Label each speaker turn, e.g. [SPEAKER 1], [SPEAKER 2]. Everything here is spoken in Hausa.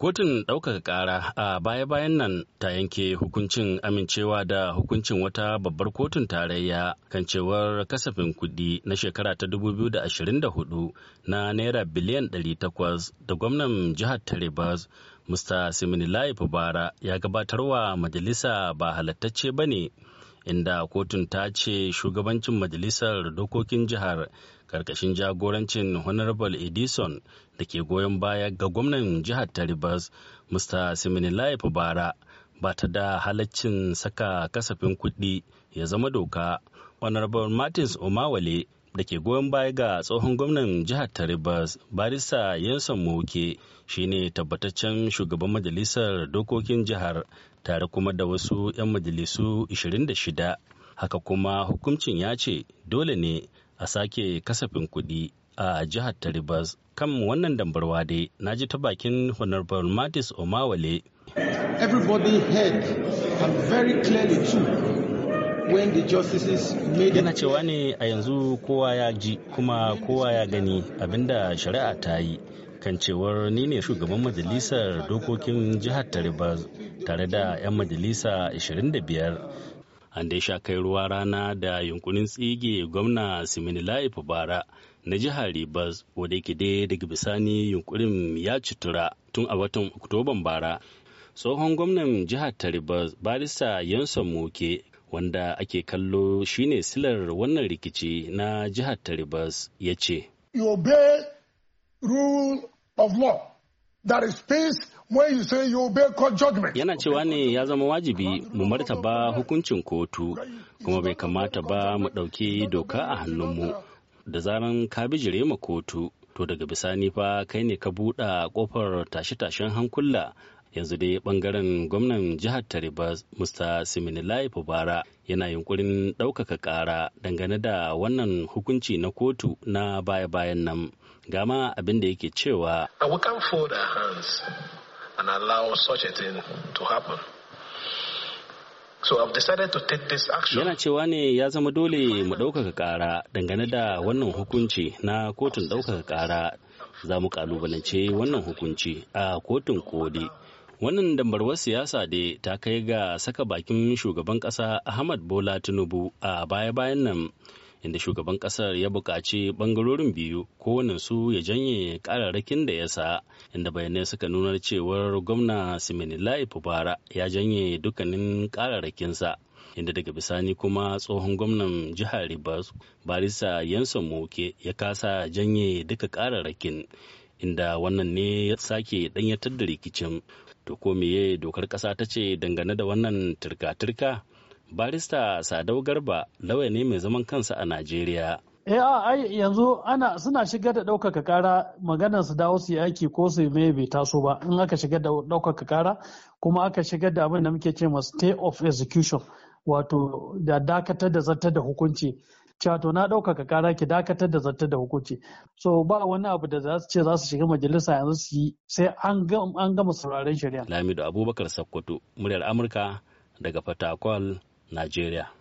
[SPEAKER 1] Kotun ɗaukaka ƙara a baya-bayan nan ta yanke hukuncin amincewa da hukuncin wata babbar kotun tarayya kan cewar kasafin kuɗi na shekara ta 2024 na Naira biliyan 800 da gwamnan jihar Taribas, Mr. Siminilayi Bara, ya gabatarwa majalisa ba halattacce ba ne. inda kotun ta ce shugabancin majalisar dokokin jihar karkashin jagorancin honorable edison da ke goyon baya ga gwamnan jihar taribas mr siminilai bara ba ta da halaccin saka kasafin kuɗi ya zama doka honorable martins omawale da ke goyon baya ga tsohon gwamnan jihar taribas barista yansan moke shine tabbataccen shugaban majalisar dokokin jihar tare kuma da wasu 'yan majalisu 26 haka kuma hukuncin ya ce dole ne a sake kasafin kuɗi a jihar taribas kan wannan dambarwa dai na ji ta bakin honorable matis omawale everybody heard and very clearly too yana cewa ne a yanzu kowa ya ji kuma kowa ya gani abinda shari'a ta yi kan cewar ni ne shugaban majalisar dokokin jihar tariba tare da 'yan majalisa 25 an dai sha kai ruwa rana da yunkurin tsige gwamna siminilai bara na jihar ribas wadda yake dai daga bisani yunkurin ya citura tun a watan oktoban bara tsohon gwamnan jihar taribas barista yansan moke wanda ake kallo shine silar wannan rikici na jihar taribas ya ce you obey rule of law There is peace when you say you obey court judgment. Yana cewa ne ya zama wajibi mu martaba hukuncin kotu kuma bai kamata ba mu ɗauki doka a hannunmu da zaran ka bijire ma kotu to daga bisani fa kai ne ka buɗa ƙofar tashe-tashen hankula yanzu dai bangaren gwamnan jihar taribas musta siminilai fubara yana yunkurin ɗaukaka ƙara dangane da wannan hukunci na kotu na baya-bayan nan gama abin da yake cewa Yana cewa ne ya zama dole mu ɗaukaka ƙara dangane da wannan hukunci na kotun ɗaukaka ƙara za mu ƙalubalance wannan hukunci a kotun kodi. Wannan dambarwar siyasa da ta kai ga saka bakin shugaban kasa Ahmad Bola Tinubu a baya-bayan nan inda shugaban kasar ya bukaci bangarorin biyu su ya janye ƙararrakin da ya sa inda bayanai suka nunar cewar gwamna Siminilai Fubara ya janye dukkanin ƙararrakinsa. inda daga bisani kuma tsohon gwamnan jihar ribas barisa Yanson Moke ya kasa janye duka kararrakin inda wannan ne ya sake ɗanyatar da rikicin To ko meye dokar ƙasa ta ce dangane da wannan turka-turka? Barista Sadau Garba lauya ne mai zaman kansa a Najeriya. Eh, a ai yanzu ana suna shigar da ɗaukaka kara maganar su dawo su aiki ko su mai bai taso ba in aka shigar da ɗaukaka kara kuma aka shigar da abin da muke ce ma stay of execution wato da dakatar da zartar da hukunci cewa na ɗaukaka kara ki dakatar da zartar da hukunci so ba wani abu da za su ce za su shiga majalisa yanzu su yi sai an gama sauraron shari'a lamido abubakar sakkwato muryar amurka daga fatakwal nigeria